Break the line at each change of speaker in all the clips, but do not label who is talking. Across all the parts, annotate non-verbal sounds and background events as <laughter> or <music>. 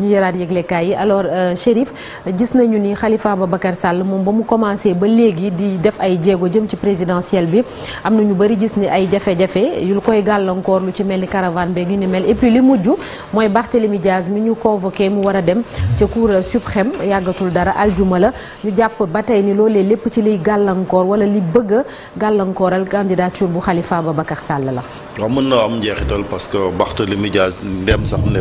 ñu yaraat yëglekaay yi alors euh, Chérif gis nañu ni xalifa ba Ababacar sàll moom ba mu commencé ba léegi di def ay jéego jëm ci présidentielle bi am na ñu bëri gis ni ay jafe-jafe yu koy gàllankoor lu ci mel ni caravane beeg yu ni mel et puis li mujj mooy Barthélémy Diaz mi ñu convoke mu war a dem ca cour suprême yàggatul dara aljuma la ñu jàpp ba tey ni loolee lépp ci liy gàllankoor wala li bëgg a gàllankooral candidature bu Khalifa Ababacar Sall la. waaw mën na am njeexital parce que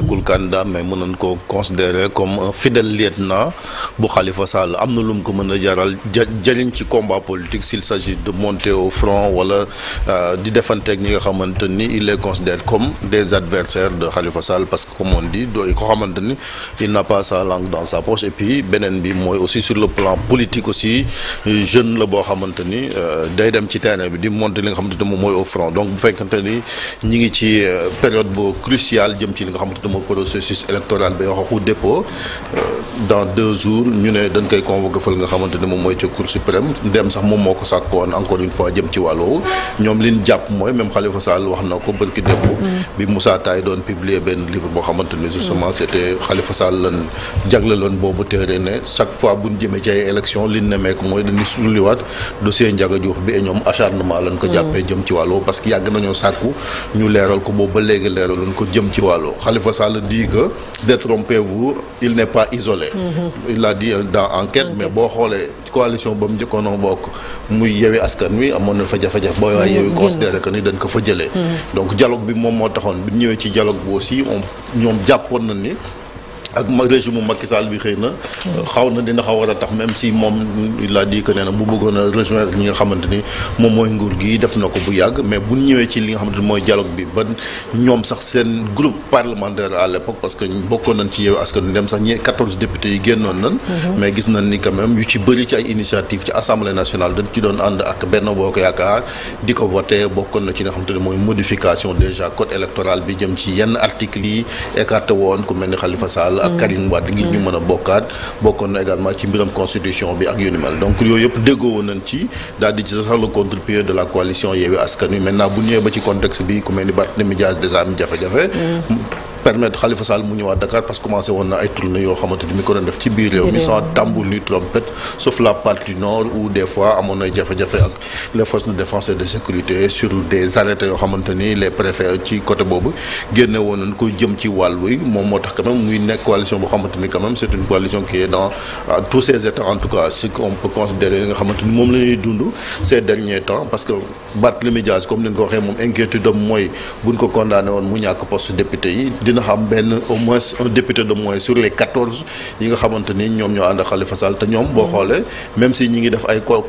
mën ko considéré comme un fidèle lieutenant bu xalifa Sall am na lu mu ko mën a jaral jëriñ ci combat politique s'il s'agit de monter au front wala euh, di defanteeg ñi nga xamante ni il les comme des adversaires de Khalifa Sall parce que comme on dit dooy xamante ni il n'a pas sa langue dans poche et puis beneen bi mooy aussi sur le plan politique aussi jeune la boo xamante ni euh, day dem ci terrain bi di monter li nga xamante ni mooy au front donc bu fekkante ni ñi ngi ci euh, période bu cruciale jëm ci li nga xamante ni processus électoral bi waxu dépôt euh, dans deux ñu ne koy convoqué nga xamante ne moom mooy ci cour suprême ndem sax moom moo ko sàkkoon encore une fois jëm ci wàllu ñoom li ñu jàpp mooy même Khalifa Sall na ko bërki démb bi Moussa Taye doon publier benn livre boo ne justement c'était Khalifa Sall lan jagleloon boobu téere ne chaque fois bu ñu jëmee ci ay élection li ñu ne meek mooy dañuy suliwaat dossier Ndiaga Diouf bi et ñoom acharnement lañ ko jàppee jëm ci wàllu parce que yàgg nañoo sàkku ñu leeral ko boobu ba léegi leeraloon ko jëm ci wàllu Khalifa Sall dit que trompez-vous il n'est pas isolé mm-hmm. il l'a dit dans enquête mais boo xoolee coalition ba mu njëkkoon a bokk muy yewi askan wi amoon na fa jafe-jafe booy waaye mm-hmm. yewi considéré que ni dañ ko fa jëlee mm-hmm. donc dialogue bi moom moo taxoon bi ñëwee ci dialogue bi aussi ñoom jàppoon na ni ak régime Macky Sall bi xëy na. xaw na dina xaw war a tax même si moom il a dit que bu bëggoon a rejoindre ñi nga xamante moom mooy nguur gi def na ko bu yàgg mais bu ñëwee ci li nga xamante ni mooy dialogue bi ba sax seen groupe parlementaire à l'époque parce que bokkoon nañ ci Yewwi Askan Wi dem sax ñee 14 députés yi génnoon nañ. Mhm. mais gis nañ ni quand yu ci bëri ci ay initiative ci assemblée nationale dañ ci doon ànd ak benn boo ko yaakaar di ko voté bokkoon na ci nga xamante mooy modification déjà code électoral bi jëm ci yenn articles yi ak Karim Wade ngir ñu mën a bokkaat bokkoon na également ci mbiram constitution bi ak yu ni mel donc yooyu yëpp déggoo woon ci daal di ci sax contre-pied de la coalition Yewwi Askan Wi maintenant bu ñëwee ci contexte bi ku mel ni Barthélémy Dias déjà am jafe-jafe permettre Khalifa Sall mu ñëwaat Dakar parce que commencé woon na ay tournée sauf la partie nord où des amoon na jafe-jafe ak les forces de défense et de sécurité sur des arrêtés yoo xamante ni les préfets ci côté boobu génne woon nañ ko jëm ci wàll wi moom moo tax quand muy nekk coalition boo xamante ni quand même c'est une coalition qui est dans tous ses états en tout cas ce qu'on considérer nga xamante moom la ñuy ces derniers temps parce que Barthélémy comme ni moom inquiétude am mooy buñ ko condamné woon mu ñàkk poste dina xam benn au moins un député de moins sur les quatorze yi nga xamante ni ñoom ñoo ànd ak Khalifa te ñoom boo xoolee même si ñi ngi def ay co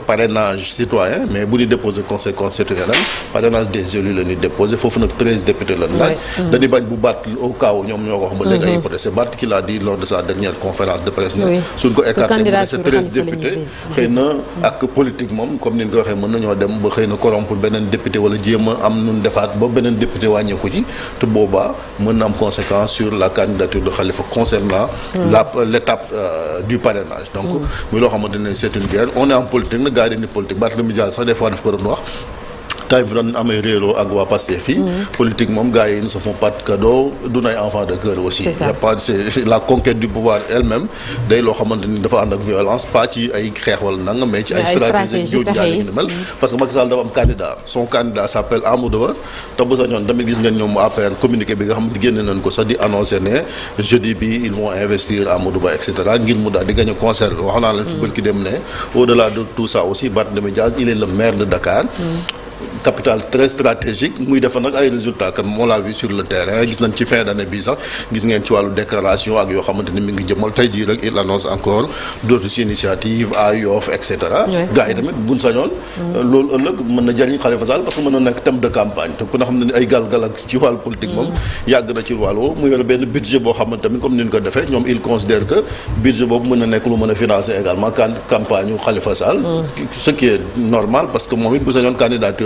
citoyen mais bu ñu déposé conseil constitutionnel parrainage des élus la ñuy déposé foofu nag treize députés la laaj mmh. dañuy bañ bu baat au cas ñoom ñoo wax ba léegi ay mmh. pressé baat ki laa di lors sa dernière conférence de presse ne suñ ko écarté mu dese treize députés xëy na mmh. ak politique moom comme ni conséquences sur la candidature de Khalifa concernant mm. la l'étape euh, du parrainage donc mm. muy loo xamante ne c'est une guerre on est en politique na gars yi dañuy politique Barthélémy Dias sax des fois daf ko doon wax time fi doon amee réeroo ak waa Pastef fii politique moom gars yi ne se font pas de cadeau du de cœur aussi a pas c'est la conquête du pouvoir elle-même day loo xamante ni dafa ànd ak violence pas ci ay xeex wala nanga mais ci ay stratégie jóoju ñaar mel mm-hmm. parce que Macky Sall dafa am candidat son candidat s'appelle Amadou Ba te bu sañoon tamit gis ngeen ñoom APR communiqué bi nga xam ne génne nañ ko sax di annoncé ne jeudi bi ils vont investir Amadou Ba et cetera ngir mu daal di gagné conseil wax naa leen fi mm-hmm. capital très stratégique muy defar nag ay résultats comme on l'a vu sur le terrain gis nañ ci fin d'année bi sax gis ngeen ci wàllu déclaration ak yoo xamante ni ngi jëmal tey jii rek il annonce encore d'autres initiatives à Yoff et cetera. gars yi tamit sañoon. Mm. Euh, loolu ëllëg mën na jariñ Khalifa Sall parce que mën na nekk thème de campagne te ku ne xam ne ay galgal ak ci wàllu politique moom. Mm. yàgg na ci wàll mu yor benn budget boo xamante tamit comme a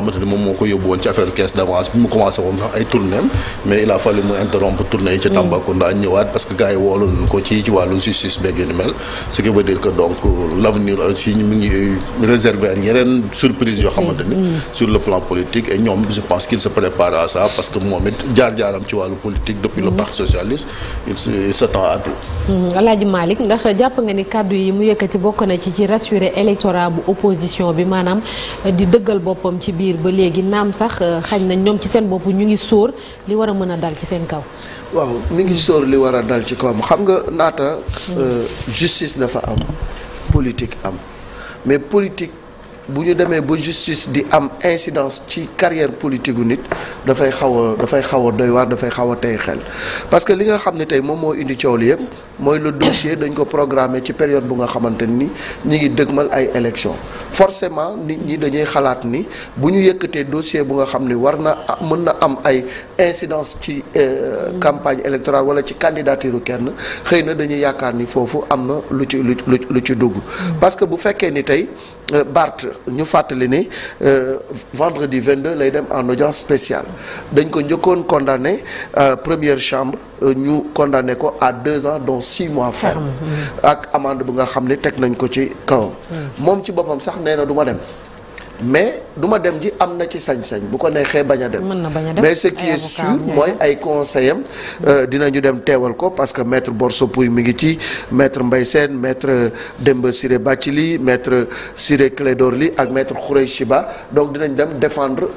nga moom moo ko yóbbu woon ci affaire caisse d'avance bi mu commencé woon sax ay tournée mais il a fallu mu interrompre tournée yi ci mm. Tambacounda ñëwaat parce que gars yi wooloon ko ci wàllu justice beeg ni mel ce qui veut dire que donc l'avenir aussi mu ngi réservé yeneen surprise yoo xamante mm. sur le plan politique et ñoom je pense qu'il se prépare à ça parce que moom it jaar-jaaram ci wàllu politique depuis le mm. parti il s'attend à tout Alaaji biir ba léegi naam sax euh, xañ na ñoom ci seen bopp ñu ngi soor li war a mën a dal ci seen kaw.
waaw mi ngi sóor li war a dal ci kawam xam nga naata. Hmm. Euh, justice dafa am politique am mais politique bu ñu demee ba justice di am incidence ci carrière politique gu nit dafay xaw a dafay xaw a doy waar dafay xaw a tey xel parce que li nga xam ne tey moom moo indi coow li yëpp. mooy le dossier dañ ko programmé ci période bu nga xamante ni ñi ngi dëgmal ay élection forcément nit ñi dañuy xalaat ni bu ñu yëkkatee dossier bu nga xam ni war na mën na am ay incidence ci euh, campagne électorale wala ci candidature kenn xëy na dañuy yaakaar ni foofu am na lu ci lu lu ci dugg parce bu fekkee ni tey euh, Bart ñu fàttali ni euh, vendredi 22 lay dem en audience spéciale dañ ko njëkkoon condamné première chambre ñu condamné ko à deux ans dont six mois ferme ak amande bu nga xam ne teg nañ ko ci kawam hmm. moom ci boppam sax nee na du ma dem mais duma dem ji am na ci sañ-sañ bu ko neexee bañ a dem mais ce qui est sûr mooy ay conseil am hmm. euh, dinañu dem teewal ko parce que maître Borso Pouy mi ngi ci maître Mbaye Sène maître euh, Demba Ciré Bathily maître Ciré euh, Clédor Ly ak maître Khoureychi Ba donc dinañ dem défendre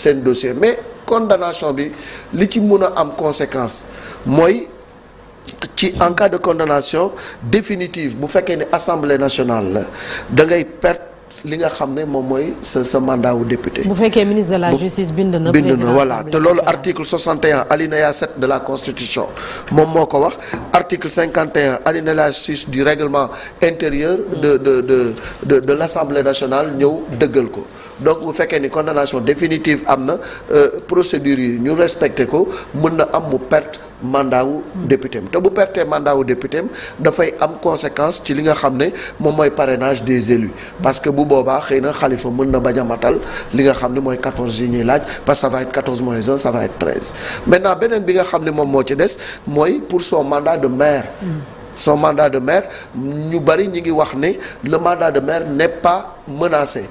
seen dossier mais condamnation bi li ci mun a am conséquence mooy ci en cas de condamnation définitive bu fekkee ni assemblée nationale la da ngay perte li nga xam ne moom mooy sa sa mandat député. bu
fekkee ministre de la justice bind na. bind na voilà te
loolu article 61 alinéa 7 de la constitution moom moo ko wax article 51 alinéa 6 du règlement intérieur. de de de de de l'assemblée nationale ñëw dëggal ko donc bu fekkee ni condamnation définitive am na euh, procédure yi ñu respecté ko mën na am mu perte. mandat wu député te bu pertee mandat wu député dafay am conséquence ci li nga xam ne moom mooy parrainage des élus parce que bu boobaa xëy na xalifa mën na bañ matal li nga xam ne mooy 14 yi ñuy laaj parce que ça va être 14 moins 1 ça va maintenant beneen bi nga xam ne moom moo ci des mooy pour son mandat de maire. Mm. son mandat de maire ñu bari ñi ngi wax ne le mandat de maire n'est pas menacé.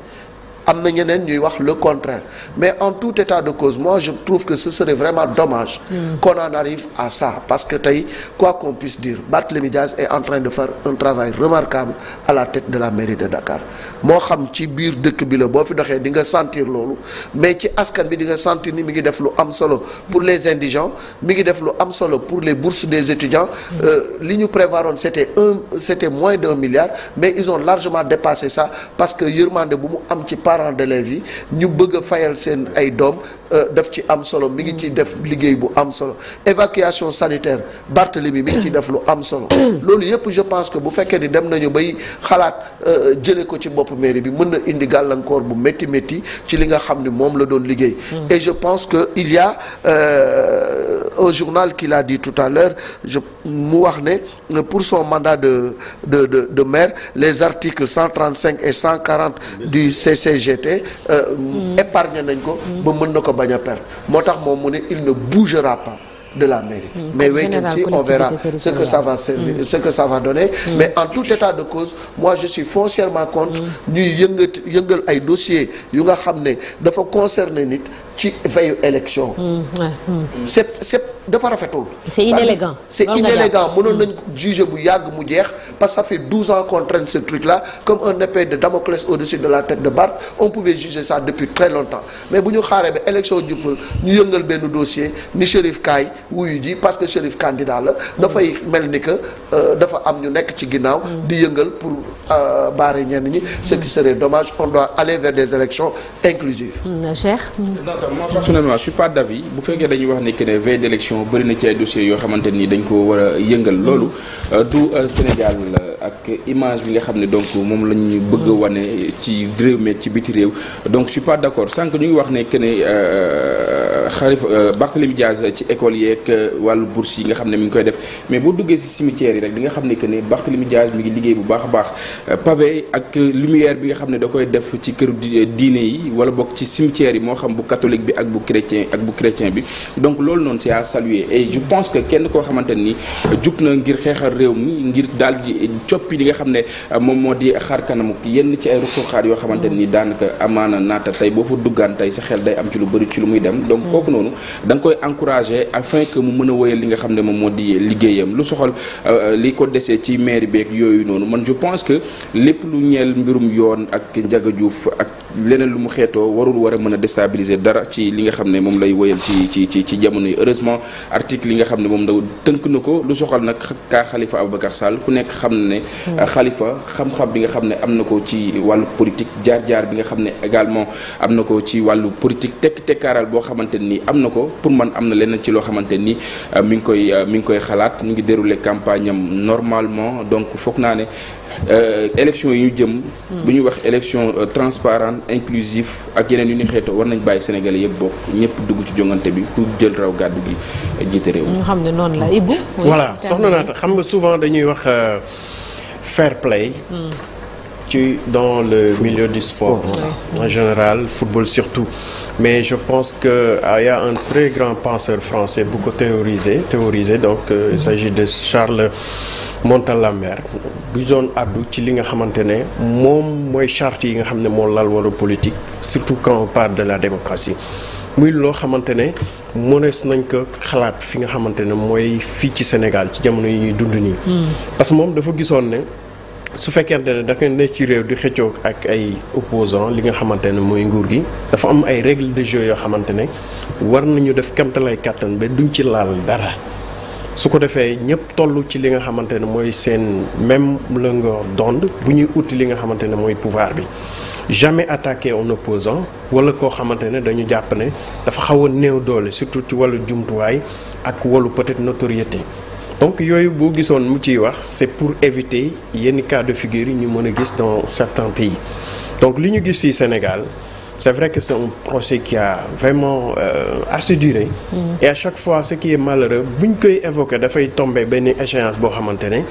am na ñeneen ñuy wax le contraire mais en tout état de cause moi je trouve que ce serait vraiment dommage mmh. qu'on arrive à ça parce que tey quoi qu'on puisse dire Barthélémy Diaz est en train de faire un travail remarquable à la tête de la mairie de Dakar moo xam ci biir dëkk bi la boo fi doxee di nga sentir loolu mais ci askan bi di nga sentir ni mi ngi def lu am solo pour les indigents mi ngi def lu am solo pour les bourses des étudiants hmm. euh, li ñu prévoiroon c'était que yërmande parents d'élèves yi ñu bëgg a fayal seen ay doom euh, def ci am solo mi ngi ci def liggéey bu am solo évacuation sanitaire Barthélemy mi ngi ciy def lu am solo <coughs> loolu yëpp je pense que bu fekkee ni dem nañu bay xalaat euh, jële ko ci bopp maire bi mën na indi gàllankoor bu métti métti ci li nga xam ne moom la doon liggéey hmm. et je pense que il y a euh, un journal qui l'a dit tout je mu wax ne euh, pour son mandat de de de, de maire les articles 135 et 140 du CCG CGT. Euh, épargne nañ ko. ba mën na ko bañ a perdre moo tax moom mu ne il ne bougera pas. de la mairie. Hmm. mais wait and see, on verra ce que ça va servir, hmm. ce que ça va donner. Hmm. mais en tout état de cause moi je suis foncièrement contre. ñuy yëngati yëngal ay dossiers yu nga xam ne dafa concerner nit ci veyu élection. c'est c'est dafa rafetul.
c'est inélégant c'est inélégant mënoon nañ
juger bu yàgg mu jeex parce que ça fait douze ans qu'on traîne ce truc là comme un épée de Damoclès au de la tête de Barth on pouvait juger ça depuis très longtemps mais bu ñu xaaree ba élection juppal ñu yëngal benn dossier ni Chérif Kaay wuyu parce que Chérif candidat la dafay mel ni que euh, dafa am ñu nekk ci ginnaaw mm. di yëngal pour euh, baare ñenn ñi ce qui serait dommage on doit aller vers des élections
communication bëri na ci ay dossiers yoo xamante ni dañ ko war a yëngal loolu euh, du euh, Sénégal euh, ak image bi nga xam ne donc moom la ñu bëgg a wane ci réew mi ci biti réew donc je suis pas d'accord sànq ñu ngi wax ne que xarif euh, Barthélémy Diaz ci école yeeg euh, wàllu bourse yi nga xam ne mi ngi koy def mais boo duggee si cimetière yi rek di nga xam ne que ne Barthélémy Diaz mi ngi liggéey bu a baax euh, pavé ak lumière bi nga xam ne da koy def ci këru diine yi wala bokk ci cimetière yi moo xam bu catholique bi ak bu chrétien ak bu chrétien bi donc loolu noonu si à saluer et je pense que kenn koo xamante nii jug na ngir xeexal réew mi ngir daal di coppi li nga xam ne moom moo di xaar kanam yenn ci ay ruqu xaar yoo xamante ni daanaka amaana naata tey boo fa duggaan xel day am ci lu bëri ci lu muy dem kooku noonu danga nga koy encouragé afin que mu mën a wéyal li nga xam ne moom moo di liggéeyam lu soxal euh, euh, li ko desee ci mairie beeg yooyu noonu man je pense que lépp lu ñeel mbirum yoon ak Ndiaga juuf ak. leneen lu mu xeetoo warul war a mën a déstabiliser dara ci li nga xam ne moom lay woyal ci ci ci ci jamono yi heureusement article yi nga xam ne moom la tënk na ko lu soxal nag kaa Khalifa Ababacar Sall ku nekk xam ne hmm. Khalifa xam-xam bi nga xam ne am na ko ci wàllu politique jaar-jaar bi nga xam ne également am na ko ci wàllu politique tekk-tekkaaral boo xamante ni am na ko pour man am na leneen ci loo xamante ni euh, mi ngi koy euh, mi ngi koy xalaat mi ngi dérouler campagne am normalement donc foog naa ne euh, élection yi ñu jëm hmm. lu ñu wax élection transparente maanaam inclusif ak yeneen yu ñu xeetoo war nañ bàyyi Sénégalais yëpp bokk ñëpp dugg ci jongante bi ku jël raw gàddu gi jiite réew
ñu
xam ne noonu la Ibou voilà soxna naata
xam nga souvent
dañuy wax euh, fair play hmm. ci dans le football. milieu du sport, en général football surtout mais je pense que ah, il un très grand penseur français bu théorisé théorisé donc euh, il mhm. s'agit de Charles Montalembert bu doon addu ci li nga xamante ne moom mooy charte yi nga xam ne moo lal wala politique surtout quand on de la démocratie muy loo xamante ne mënees nañ ko xalaat fi nga xamante ne mooy fii ci Sénégal ci jamono yi ñuy dund nii mhm. parce que moom dafa gisoon ne su fekkente ne da nga ne ci réew di xëccoog ak ay opposants li nga xamante ne mooy nguur gi dafa am ay régle de jeu yoo xamante ne war nañu def kamtalay kàttan ba duñ ci laal dara su ko defee ñëpp toll ci li nga xamante ne mooy seen même longueur d'onde bu ñuy uti li nga xamante ne mooy pouvoir bi jamais attaqué un opposant wala koo xamante ne dañu jàpp ne dafa xaw a néew doole surtout ci wàllu jumtuwaay ak wàllu peut-être notoriété donc yooyu boo gisoon mu ciy wax c'est pour éviter yenn cas de figure yi ñu mën a gis dans certains pays donc li ñu gis fii Sénégal c'est vrai que c'est un procès qui a vraiment euh, assez mm. et chaque fois ce qui est malheureux bu ñu koy évoquer dafay tombe benn échéance boo xamante ne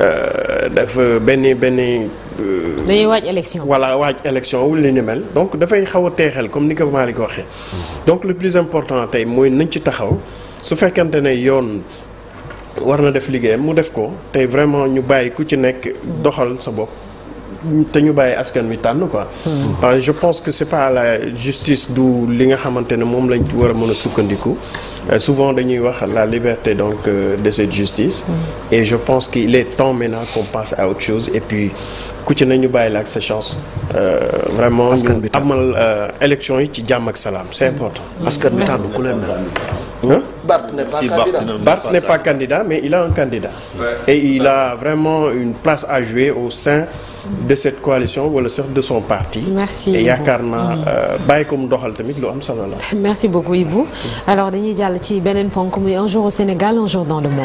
euh, dafa benn benn. Euh, dañuy waaj élection. voilà waaj élection wu li ni mel donc dafay xaw a teexal comme ni ko Malick waxee. Mm-hmm. donc le plus important tey mooy nañ ci taxaw su fekkente ne yoon war na def liggéeyam mu def ko tey vraiment ñu bàyyi ku ci nekk doxal sa bopp te ñu bàyyi askan wi tànn quoi. Hmm. je pense que c'est pas la justice du li nga xamante ne moom lañ war a mën a sukkandiku. Euh, souvent dañuy wax la liberté donc euh, de cette justice. Hmm. et je pense qu'il est temps maintenant qu'on passe à autre chose et puis ku ci nañu bàyyi la ak sa chance. Euh, vraiment ñu amal élection yi ci jàmm ak salaam c'est important. Hmm. askan bi tànn ku leen
Barth n'est pas,
candidat, mais il a un candidat. Et il a vraiment une place à jouer au sein de cette coalition wala sax de son parti. merci et yaakaar naa euh, bàyyi ko mu tamit loo am solo la. <laughs> merci beaucoup Ibou
alors dañuy jàll ci beneen ponk muy un jour au Sénégal un jour dans le monde.